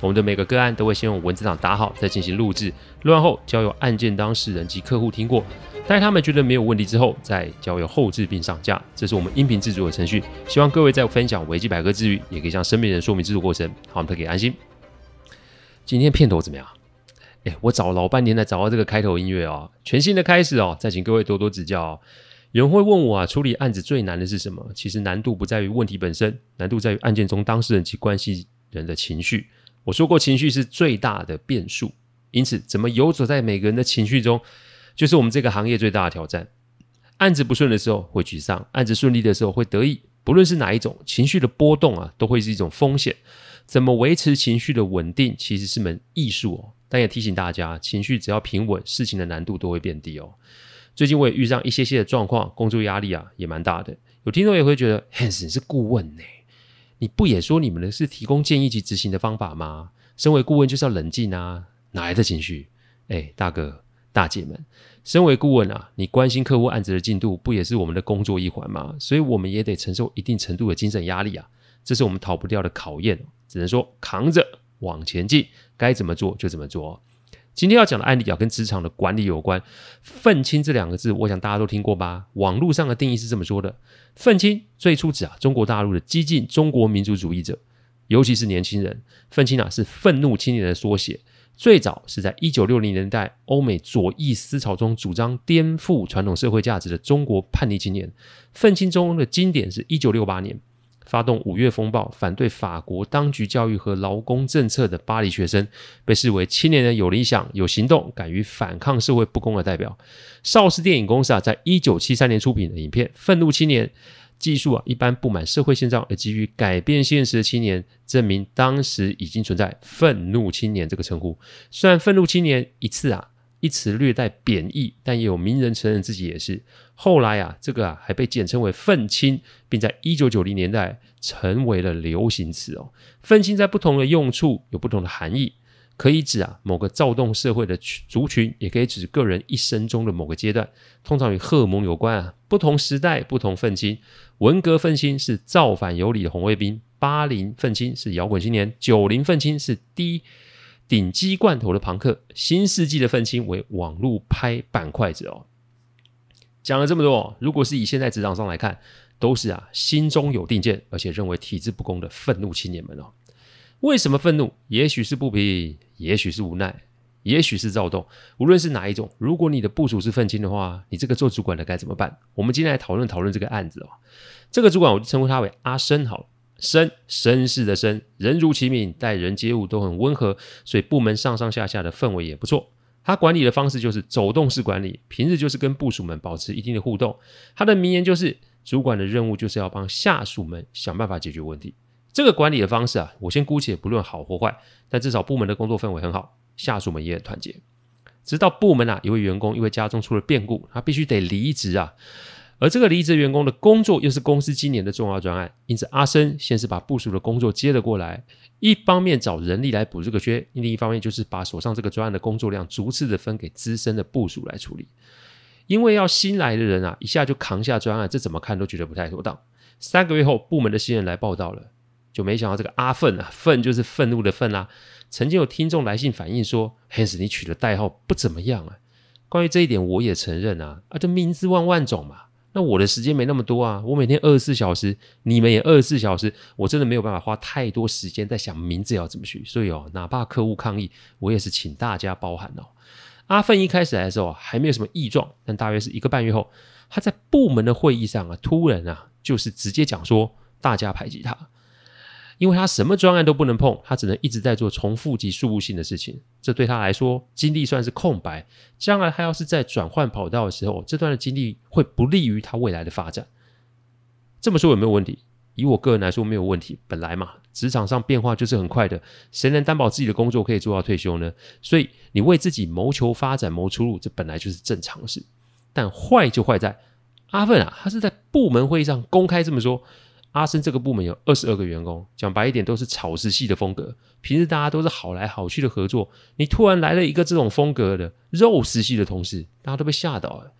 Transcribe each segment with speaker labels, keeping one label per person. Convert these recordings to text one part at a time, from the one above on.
Speaker 1: 我們的每個個案都會先用文字檔打好，再進行錄制。錄完後，交由案件當事人及客戶聽過，待他們覺得沒有問題之後，再交由後製並上架。這是我們音頻制作的程序。希望各位在分享危機百科之餘，也可以向身邊人說明制作過程，好，大家可以安心。今天片頭怎麼樣？哎、欸，我找了老半天才找到這個開頭音樂哦，全新的開始哦。再請各位多多指教哦。有人會問我啊，處理案子最難的是什麼？其實難度不在於問題本身，難度在於案件中當事人及關係人的情緒。我說過，情緒是最大的變數，因此怎麼遊走在每個人的情緒中，就是我們這個行業最大的挑戰。案子不順的時候會沮喪，案子順利的時候會得意，不論是哪一種情緒的波動啊，都會是一種風險。怎麼維持情緒的穩定，其實是門藝術哦。但也提醒大家，情緒只要平穩，事情的難度都會變低哦。最近我也遇上一些些的狀況，工作壓力啊也蠻大的，有聽眾也會覺得，Hans 是顧問呢、欸。你不也說你們的是提供建議及執行的方法嗎？身為顧問就是要冷靜啊，哪來的情緒？哎，大哥大姐們，身為顧問啊，你關心客戶案子的進度，不也是我們的工作一環嗎？所以我們也得承受一定程度的精神壓力啊，這是我們逃不掉的考驗，只能說扛着往前進，該怎麼做就怎麼做。今天要講的案例啊，跟職場的管理有關。憤青這兩個字，我想大家都聽過吧？網絡上的定義是這麼說的：憤青最初指啊中國大陸的激進中國民族主義者，尤其是年輕人。憤青啊是憤怒青年的縮寫，最早是在一九六零年代歐美左翼思潮中，主張顛覆傳統社會價值的中國叛逆青年。憤青中的經典是一九六八年。發動五月風暴，反對法國當局教育和勞工政策的巴黎學生，被視為青年人有理想、有行動、敢於反抗社會不公的代表。邵氏電影公司啊，在一九七三年出品的影片《憤怒青年》，講述啊一般不滿社會現狀而急於改變現實的青年，證明當時已經存在“憤怒青年”這個稱呼。雖然“憤怒青年”一次啊。一詞略帶貶義，但也有名人承認自己也是。後來啊，這個啊還被簡稱為“憤青”，並在一九九零年代成為了流行詞哦。憤青在不同的用處有不同的含義，可以指啊某個躁動社會的族群，也可以指個人一生中的某個階段，通常與荷爾蒙有關啊。不同時代不同憤青，文革憤青是造反有理的紅衛兵，八零憤青是搖滾青年，九零憤青是低。頂級罐頭的龐克，新世紀的憤青，為網路拍板塊子哦。講了這麼多，如果是以現在職場上來看，都是啊心中有定見，而且認為體制不公的憤怒青年們哦。為什麼憤怒？也許是不平，也許是無奈，也許是躁動。無論是哪一種，如果你的部屬是憤青的話，你這個做主管的該怎麼辦？我們今天來討論討論這個案子哦。這個主管我就稱呼他為阿紳好了。紳，紳士的紳，人如其名，待人接物都很溫和，所以部門上上下下的氛圍也不錯。他管理的方式就是走動式管理，平日就是跟部屬們保持一定的互動。他的名言就是：主管的任務就是要幫下屬們想辦法解決問題。這個管理的方式啊，我先姑且不論好或壞，但至少部門的工作氛圍很好，下屬們也很團結。直到部門啊，一位員工因為家中出了變故，他必須得離職啊。而這個離職員工的工作又是公司今年的重要專案，因此阿紳先是把部屬的工作接了過來，一方面找人力來補這個缺，另一方面就是把手上這個專案的工作量逐次的分給資深的部屬來處理。因為要新來的人啊，一下就扛下專案，這怎麼看都覺得不太妥當。三個月後，部門的新人來報到了，就沒想到這個阿憤啊，憤就是憤怒的憤啊。曾經有聽眾來信反映說：“Hans，你取的代號不怎麼樣啊。”關於這一點，我也承認啊，啊，這名字萬萬種嘛。那我的時間沒那麼多啊，我每天二十四小時，你們也二十四小時，我真的沒有辦法花太多時間在想名字要怎麼取，所以哦，哪怕客戶抗議，我也是請大家包涵哦。阿憤一開始來的時候啊，還沒有什麼異狀，但大約是一個半月後，他在部門的會議上啊，突然啊，就是直接講說大家排擠他。因為他什麼專案都不能碰，他只能一直在做重複及事務性的事情。這對他來說，經歷，算是空白。將來他要是在轉換跑道的時候，這段的經歷會不利於他未來的發展。這麼說有沒有問題？以我個人來說，沒有問題。本來嘛，職場上變化就是很快的，誰能擔保自己的工作可以做到退休呢？所以你為自己謀求發展、謀出路，這本來就是正常事。但壞就壞在阿憤啊，他是在部門會議上公開這麼說。阿紳這個部門有二十二個員工，講白一點，都是草食系的風格。平時大家都是好來好去的合作，你突然來了一個這種風格的肉食系的同事，大家都被嚇到了。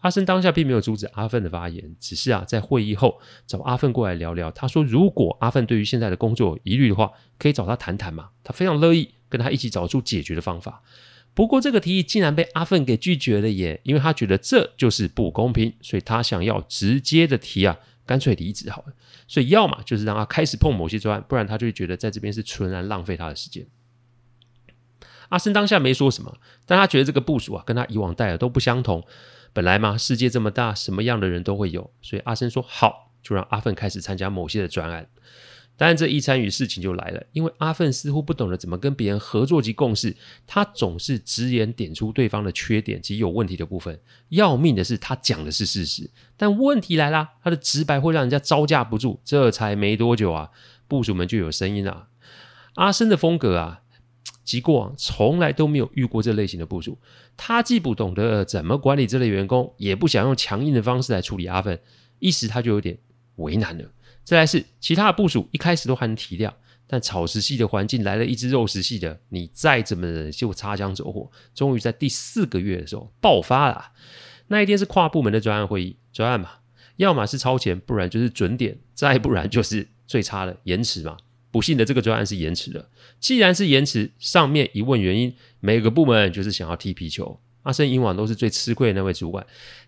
Speaker 1: 阿紳當下並沒有阻止阿憤的發言，只是啊，在會議後找阿憤過來聊聊。他說：“如果阿憤對於現在的工作有疑慮的話，可以找他談談嘛，他非常樂意跟他一起找出解決的方法。”不過這個提議竟然被阿憤給拒絕了耶，因為他覺得這就是不公平，所以他想要直接的提啊。乾脆離職好了，所以要麼就是讓他開始碰某些專案，不然他就會覺得在這邊是純然浪費他的時間。阿紳當下沒說什麼，但他覺得這個部屬啊，跟他以往帶的都不相同。本來嘛，世界這麼大，什麼樣的人都會有，所以阿紳說好，就讓阿憤開始參加某些的專案。當然，但這一參與事情就來了，因為阿憤似乎不懂得怎麼跟別人合作及共事，他總是直言點出對方的缺點及有問題的部分。要命的是，他講的是事實，但問題來了，他的直白會讓人家招架不住。這才沒多久啊，部屬們就有聲音了啊。阿紳的風格啊，及過往從來都沒有遇過這類型的部屬。他既不懂得怎麼管理這類員工，也不想用強硬的方式來處理阿憤，一時他就有點為難了。再來是其他的部屬，一開始都還能體諒，但草食系的環境來了一只肉食系的，你再怎麼忍就擦槍走火。終於在第四個月的時候爆發了啊，那一天是跨部門的專案會議，專案嘛，要麼是超前，不然就是準點，再不然就是最差的延遲嘛。不幸的這個專案是延遲了。既然是延遲，上面一問原因，每個部門就是想要踢皮球。阿紳以往都是最吃虧的那位主管，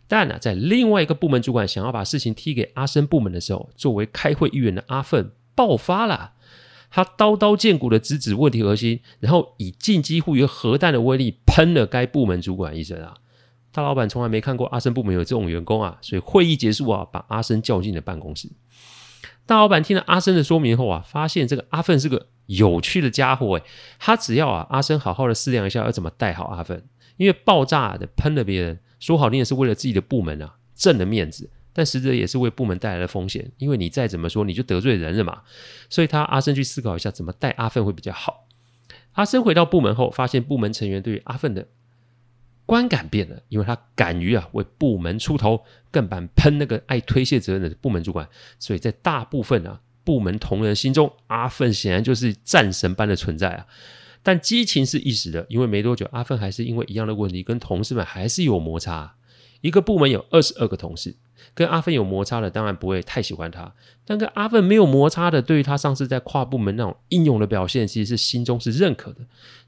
Speaker 1: 但呢、啊，在另外一個部門主管想要把事情踢給阿紳部門的時候，作為開會議員的阿憤爆發了，他刀刀見骨的直指問題核心，然後以近幾乎於核彈的威力噴了該部門主管一身啊！大老闆從來沒看過阿紳部門有這種員工啊，所以會議結束啊，把阿紳叫進了辦公室。大老闆聽了阿紳的說明後啊，發現這個阿憤是個有趣的家伙誒、欸，他只要啊，阿紳好好的思量一下要怎麼帶好阿憤。因為爆炸的噴了別人，說好你也是為了自己的部門啊，掙了面子，但實則也是為部門帶來了風險。因為你再怎麼說，你就得罪人了嘛。所以他阿紳去思考一下，怎麼帶阿憤會比較好。阿紳回到部門後，發現部門成員對於阿憤的觀感變了，因為他敢於啊為部門出頭，更敢噴那個愛推卸責任的部門主管，所以在大部分啊部門同仁心中，阿憤顯然就是戰神般的存在啊。但激情是一時的，因為沒多久，阿憤還是因為一樣的問題跟同事們還是有摩擦。一個部門有二十二個同事，跟阿憤有摩擦的當然不會太喜歡他，但跟阿憤沒有摩擦的，對於他上次在跨部門那種英勇的表現，其實是心中是認可的。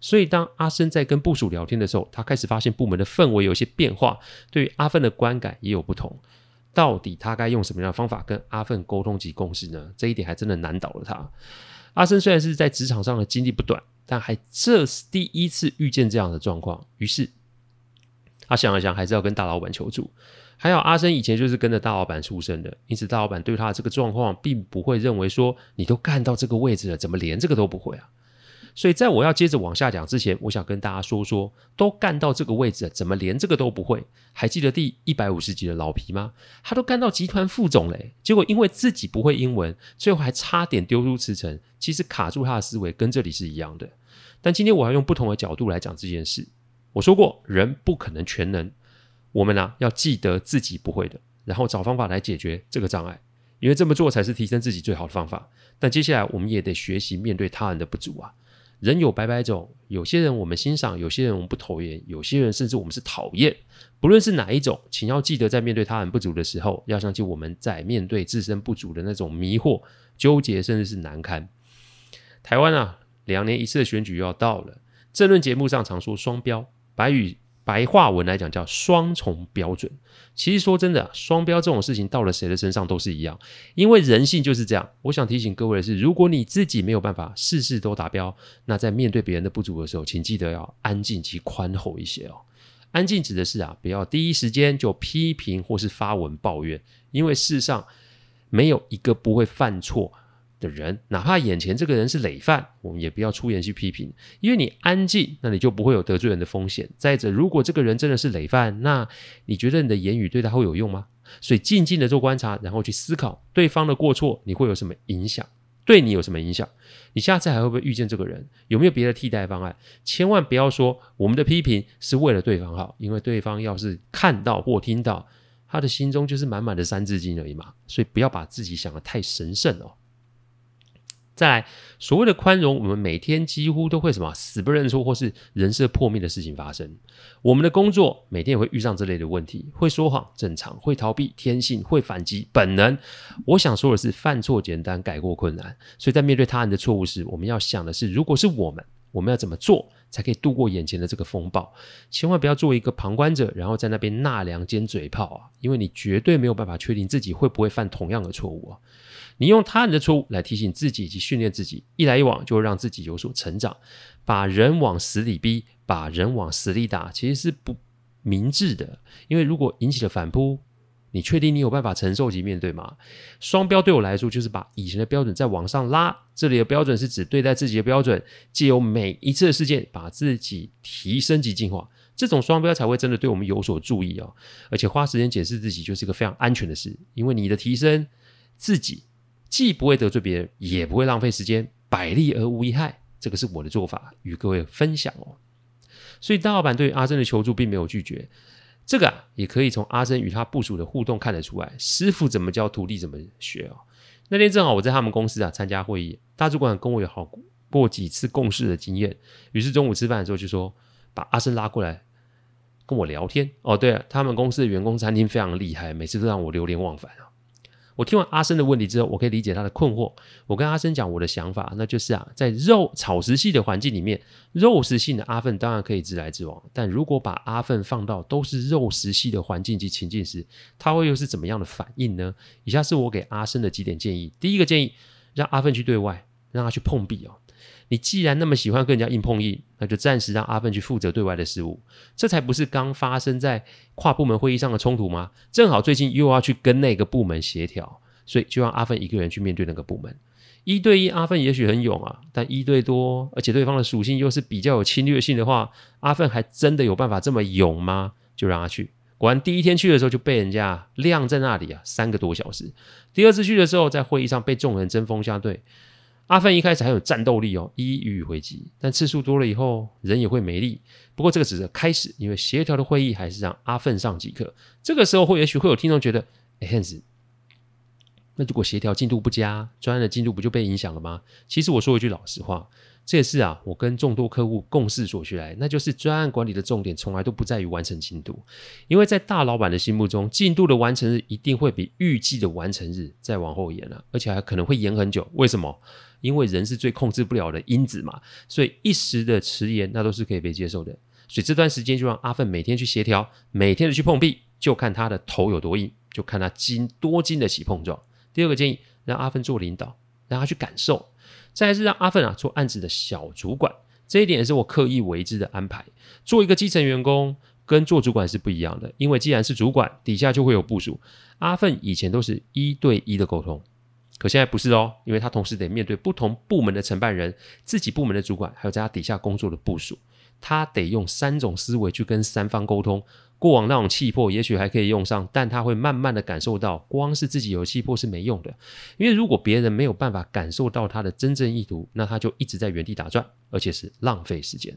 Speaker 1: 所以，當阿紳在跟部屬聊天的時候，他開始發現部門的氛圍有些變化，對於阿憤的觀感也有不同。到底他該用什麼樣的方法跟阿憤溝通及共事呢？這一點還真的難倒了他。阿紳雖然是在職場上的經歷不短，但還這是第一次遇見這樣的狀況，於是他想了想，還是要跟大老板求助。還好阿紳以前就是跟着大老板出身的，因此大老板對他的這個狀況，並不會認為說，你都幹到這個位置了，怎麼連這個都不會啊？所以，在我要接着往下講之前，我想跟大家說說，都幹到這個位置，怎麼連這個都不會？還記得第一百五十集的老皮嗎？他都幹到集團副總嘞、欸，結果因為自己不會英文，最後還差點丟出辭呈。其實卡住他的思維跟這裡是一樣的。但今天我要用不同的角度來講這件事。我說過，人不可能全能，我們啊要記得自己不會的，然後找方法來解決這個障礙，因為這麼做才是提升自己最好的方法。但接下來，我們也得學習面對他人的不足啊。人有百百種，有些人我們欣賞，有些人我們不投緣，有些人甚至我們是討厭。不論是哪一種，請要記得，在面對他人不足的時候，要想起我們在面對自身不足的那種迷惑、糾結，甚至是難堪。台灣啊，兩年一次的選舉又要到了，政論節目上常說雙標，白羽。白話文來講叫雙重標準。其實說真的，雙標這種事情到了誰的身上都是一樣，因為人性就是這樣。我想提醒各位的是，如果你自己沒有辦法事事都達標，那在面對別人的不足的時候，請記得要安靜及寬厚一些哦。安靜指的是啊，不要第一時間就批評或是發文抱怨，因為世上沒有一個不會犯錯。的人，哪怕眼前這個人是累犯，我們也不要出言去批評，因為你安靜，那你就不會有得罪人的風險。再者，如果這個人真的是累犯，那你覺得你的言語對他會有用嗎？所以，靜靜地做觀察，然後去思考對方的過錯，你會有什麼影響？對你有什麼影響？你下次還會不會遇見這個人？有沒有別的替代方案？千萬不要說我們的批評是為了對方好，因為對方要是看到或聽到，他的心中就是滿滿的三字經而已嘛。所以，不要把自己想得太神聖哦。再來，所謂的寬容，我們每天幾乎都會什麼死不認錯或是人設破滅的事情發生。我們的工作每天也會遇上這類的問題，會說謊正常，會逃避天性，會反擊本能。我想說的是，犯錯簡單，改過困難。所以在面對他人的錯誤時，我們要想的是，如果是我們，我們要怎麼做才可以度過眼前的這個風暴？千萬不要做一個旁觀者，然後在那邊納涼、尖嘴炮啊！因為你絕對沒有辦法確定自己會不會犯同樣的錯誤啊！你用他人的錯誤來提醒自己以及訓練自己，一來一往就會讓自己有所成長。把人往死裡逼，把人往死裡打，其實是不明智的，因為如果引起了反撲，你確定你有辦法承受及面對嗎？雙標對我來說就是把以前的標準再往上拉。這裡的標準是指對待自己的標準，借由每一次的事件，把自己提升及進化。這種雙標才會真的對我們有所注意哦。而且花時間解釋自己，就是一個非常安全的事，因為你的提升自己。既不會得罪別人，也不會浪費時間，百利而無一害。這個是我的做法，與各位分享哦。所以大老板對阿紳的求助並沒有拒絕，這個、啊、也可以從阿紳與他部署的互動看得出來。師傅怎麼教，徒弟怎麼學哦。那天正好我在他們公司啊參加會議，大主管跟我有好過幾次共事的經驗，於是中午吃飯的時候就說把阿紳拉過來跟我聊天。哦，對了、啊，他們公司的員工餐廳非常厲害，每次都讓我流連忘返啊、哦。我聽完阿紳的問題之後，我可以理解他的困惑。我跟阿紳講我的想法，那就是啊，在肉草食系的環境裡面，肉食性的阿憤當然可以直來直往，但如果把阿憤放到都是肉食系的環境及情境時，他會又是怎麼樣的反應呢？以下是我給阿紳的幾點建議：第一個建議，讓阿憤去對外，讓他去碰壁哦。你既然那麼喜歡跟人家硬碰硬，那就暫時讓阿憤去負責對外的事務，這才不是剛發生在跨部門會議上的衝突嗎？正好最近又要去跟那個部門協調，所以就讓阿憤一個人去面對那個部門。一對一，阿憤也許很勇啊，但一對多，而且對方的屬性又是比較有侵略性的話，阿憤還真的有辦法這麼勇嗎？就讓他去。果然，第一天去的時候就被人家晾在那裡啊，三個多小時。第二次去的時候，在會議上被眾人針鋒相對。阿奮一開始還有戰鬥力哦，一一予以回擊。但次數多了以後，人也會沒力。不過這個只是開始，因為協調的會議還是讓阿奮上即可。這個時候，會也許會有聽眾覺得：“哎、欸、，Hans，那如果協調進度不佳，專案的進度不就被影響了嗎？”其實我說一句老實話，這也是啊，我跟眾多客戶共事所學來，那就是專案管理的重點從來都不在於完成進度，因為在大老闆的心目中，進度的完成日一定會比預計的完成日再往後延了，啊，而且還可能會延很久。為什麼？因為人是最控制不了的因子嘛，所以一時的遲延那都是可以被接受的。所以這段時間就讓阿憤每天去協調，每天的去碰壁，就看他的頭有多硬，就看他禁多禁得起碰撞。第二個建議，讓阿憤做領導，讓他去感受。再來是讓阿憤啊做案子的小主管，這一點是我刻意為之的安排。做一個基層員工跟做主管是不一樣的，因為既然是主管，底下就會有部屬。阿憤以前都是一對一的溝通。可現在不是哦，因為他同時得面對不同部門的承辦人、自己部門的主管，還有在他底下工作的部屬，他得用三種思維去跟三方溝通。過往那種氣魄也許還可以用上，但他會慢慢的感受到，光是自己有氣魄是沒用的，因為如果別人沒有辦法感受到他的真正意圖，那他就一直在原地打轉，而且是浪費時間。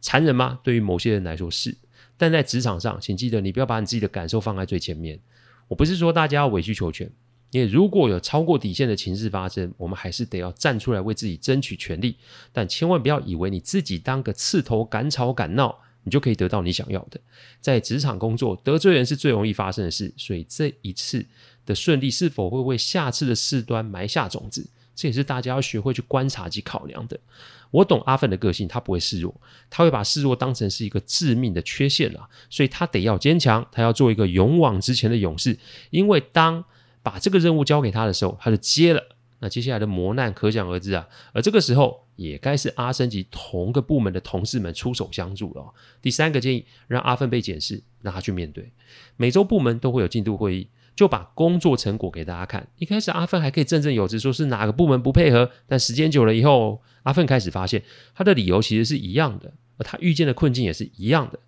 Speaker 1: 殘忍嗎？對於某些人來說是，但在職場上，請記得你不要把你自己的感受放在最前面。我不是說大家要委曲求全。如果有超過底線的情勢發生，我們還是得要站出來為自己爭取權利。但千萬不要以為你自己當個刺頭、敢吵敢鬧，你就可以得到你想要的。在職場工作，得罪人是最容易發生的事。所以這一次的順利，是否會為下次的事端埋下種子？這也是大家要學會去觀察及考量的。我懂阿憤的個性，他不會示弱，他會把示弱當成是一個致命的缺陷啊！所以他得要堅強，他要做一個勇往直前的勇士，因為當把這個任務交給他的時候，他就接了。那接下來的磨難可想而知啊。而這個時候，也該是阿紳及同個部門的同事們出手相助了哦。第三個建議，讓阿憤被檢視，讓他去面對。每週部門都會有進度會議，就把工作成果給大家看。一開始阿憤還可以振振有詞，說是哪個部門不配合，但時間久了以後，阿憤開始發現，他的理由其實是一樣的，而他遇見的困境也是一樣的。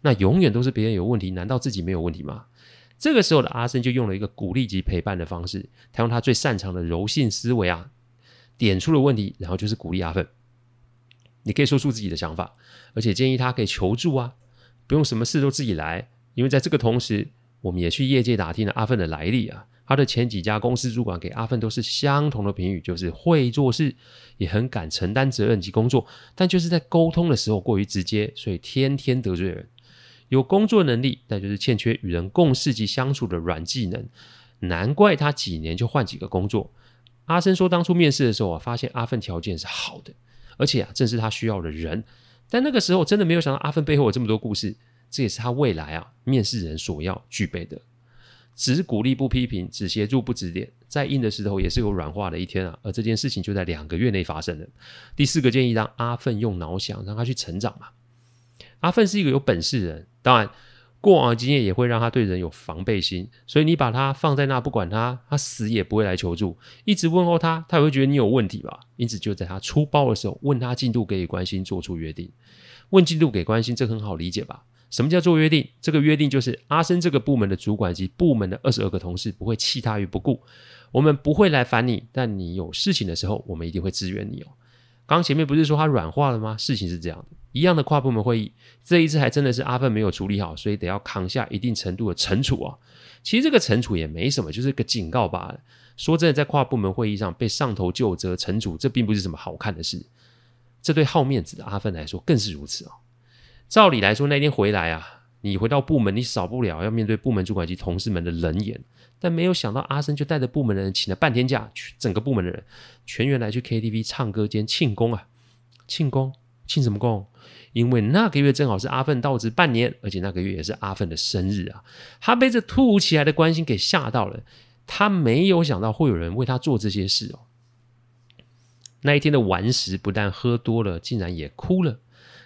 Speaker 1: 那永遠都是別人有問題，難道自己沒有問題嗎？這個時候的阿紳就用了一個鼓勵及陪伴的方式，他用他最擅長的柔性思維啊，點出了問題，然後就是鼓勵阿憤，你可以說出自己的想法，而且建議他可以求助啊，不用什麼事都自己來。因為在這個同時，我們也去業界打聽了阿憤的來歷啊，他的前幾家公司主管給阿憤都是相同的評語，就是會做事，也很敢承擔責任及工作，但就是在溝通的時候過於直接，所以天天得罪人。有工作能力，但就是欠缺與人共事及相處的軟技能，難怪他幾年就換幾個工作。阿紳說，當初面試的時候啊，發現阿憤條件是好的，而且啊正是他需要的人。但那個時候真的沒有想到阿憤背後有這麼多故事，這也是他未來啊面試人所要具備的。只鼓勵不批評，只協助不指點，再硬的石頭也是有軟化的一天啊。而這件事情就在兩個月內發生了。第四個建議，讓阿憤用腦想，讓他去成長嘛。阿奮是一個有本事的人，當然過往的經驗也會讓他對人有防備心，所以你把他放在那不管他，他死也不會來求助。一直問候他，他也會覺得你有問題吧，因此就在他出包的時候問他進度給予關心，做出約定。問進度給關心，這很好理解吧？什麼叫做約定？這個約定就是阿紳這個部門的主管及部門的二十二個同事不會棄他於不顧，我們不會來煩你，但你有事情的時候，我們一定會支援你哦。剛前面不是說他軟化了嗎？事情是這樣的。一樣的跨部門會議，這一次還真的是阿憤沒有處理好，所以得要扛下一定程度的懲處啊。其實這個懲處也沒什麼，就是個警告罷了。說真的，在跨部門會議上被上頭糾責懲處，這並不是什麼好看的事。這對好面子的阿憤來說更是如此啊、哦。照理來說，那天回來啊，你回到部門，你少不了要面對部門主管及同事們的冷眼。但沒有想到，阿紳就帶着部門的人請了半天假，整個部門的人全員來去 KTV 唱歌，兼慶功啊，慶功。慶什麼功？因為那個月正好是阿奮到職半年，而且那個月也是阿奮的生日啊！他被這突如其來的關心給嚇到了，他沒有想到會有人為他做這些事哦。那一天的晚食不但喝多了，竟然也哭了。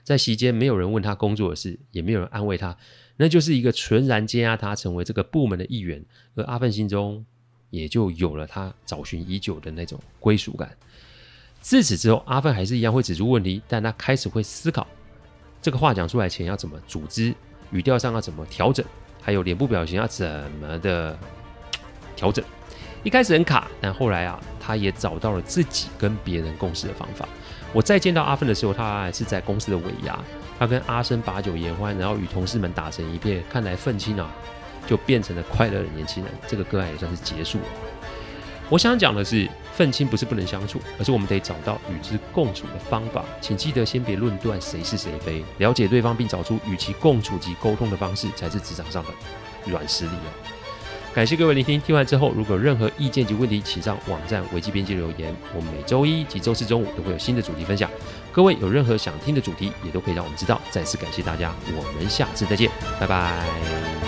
Speaker 1: 在席間，沒有人問他工作的事，也沒有人安慰他，那就是一個純然接納他成為這個部門的一員，而阿奮心中也就有了他找尋已久的那種歸屬感。自此之後，阿憤還是一樣會指出問題，但他開始會思考這個話講出來前要怎麼組織，語調上要怎麼調整，還有臉部表情要怎麼的調整。一開始很卡，但後來啊，他也找到了自己跟別人共事的方法。我再見到阿憤的時候，他還是在公司的尾牙，他跟阿紳把酒言歡，然後與同事們打成一片。看來憤青啊，就變成了快樂的年輕人。這個個案也算是結束了。我想講的是。憤青不是不能相處，而是我們得找到與之共處的方法。請記得先別論斷誰是誰非，了解對方並找出與其共處及溝通的方式，才是職場上的軟實力哦。感謝各位聆聽，聽完之後如果有任何意見及問題，請上網站危機邊界留言。我們每周一及周四周五都會有新的主題分享。各位有任何想聽的主題，也都可以讓我們知道。再次感謝大家，我們下次再見，拜拜。